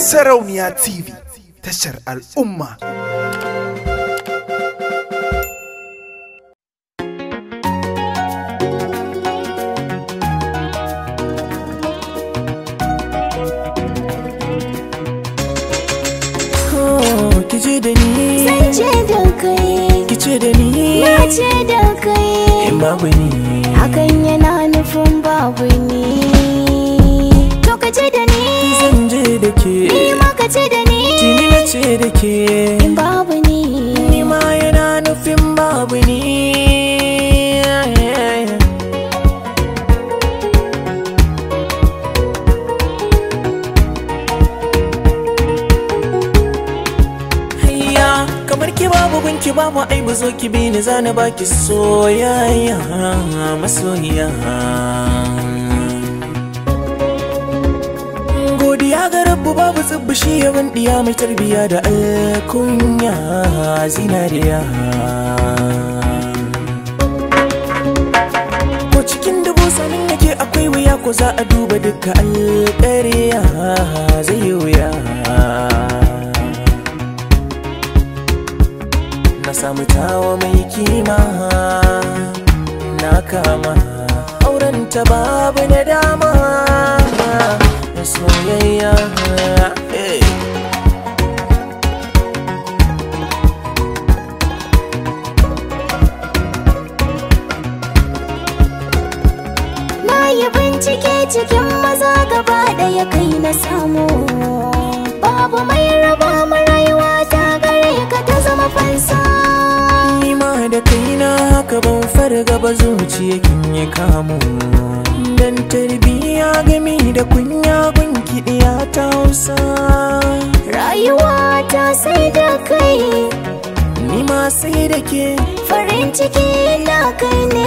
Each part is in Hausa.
Sarauniya TV tashar al'umma. Kice da ni, zance da kai, kice da ni, nace da kai, babu ni, hakan yana nufin babu ni, to kace da ni. ce da ke babu ni ma yana nufin babu ni ki babu gunki babu ai bazo ki bi ni zana baki soyayya masoyiya babu tsibbi yawan ɗiya mai tarbiya da alkunya zinariya ko cikin dubu sanin yake akwai wuya ko za a duba duka alkariya zai yi wuya na samu tawa mai kima na kama auren ta babu na yi bincike cikin maza gaba ɗaya kai na samu babu mai raba mu rayuwa ta gare ka ta zama fansa nima da kaina haka ban farga ba zuciya kin kamu dan tarbiya gami da kunya gunki ta hausa rayuwa ta sai da kai nima sai da ke farin ciki na kai ne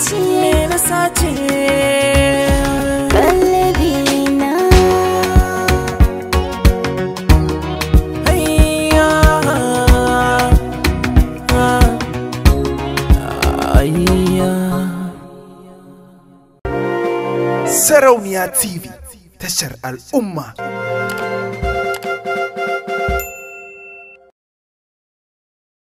sace me na sace kallabi na sarauniya tv tashar al'umma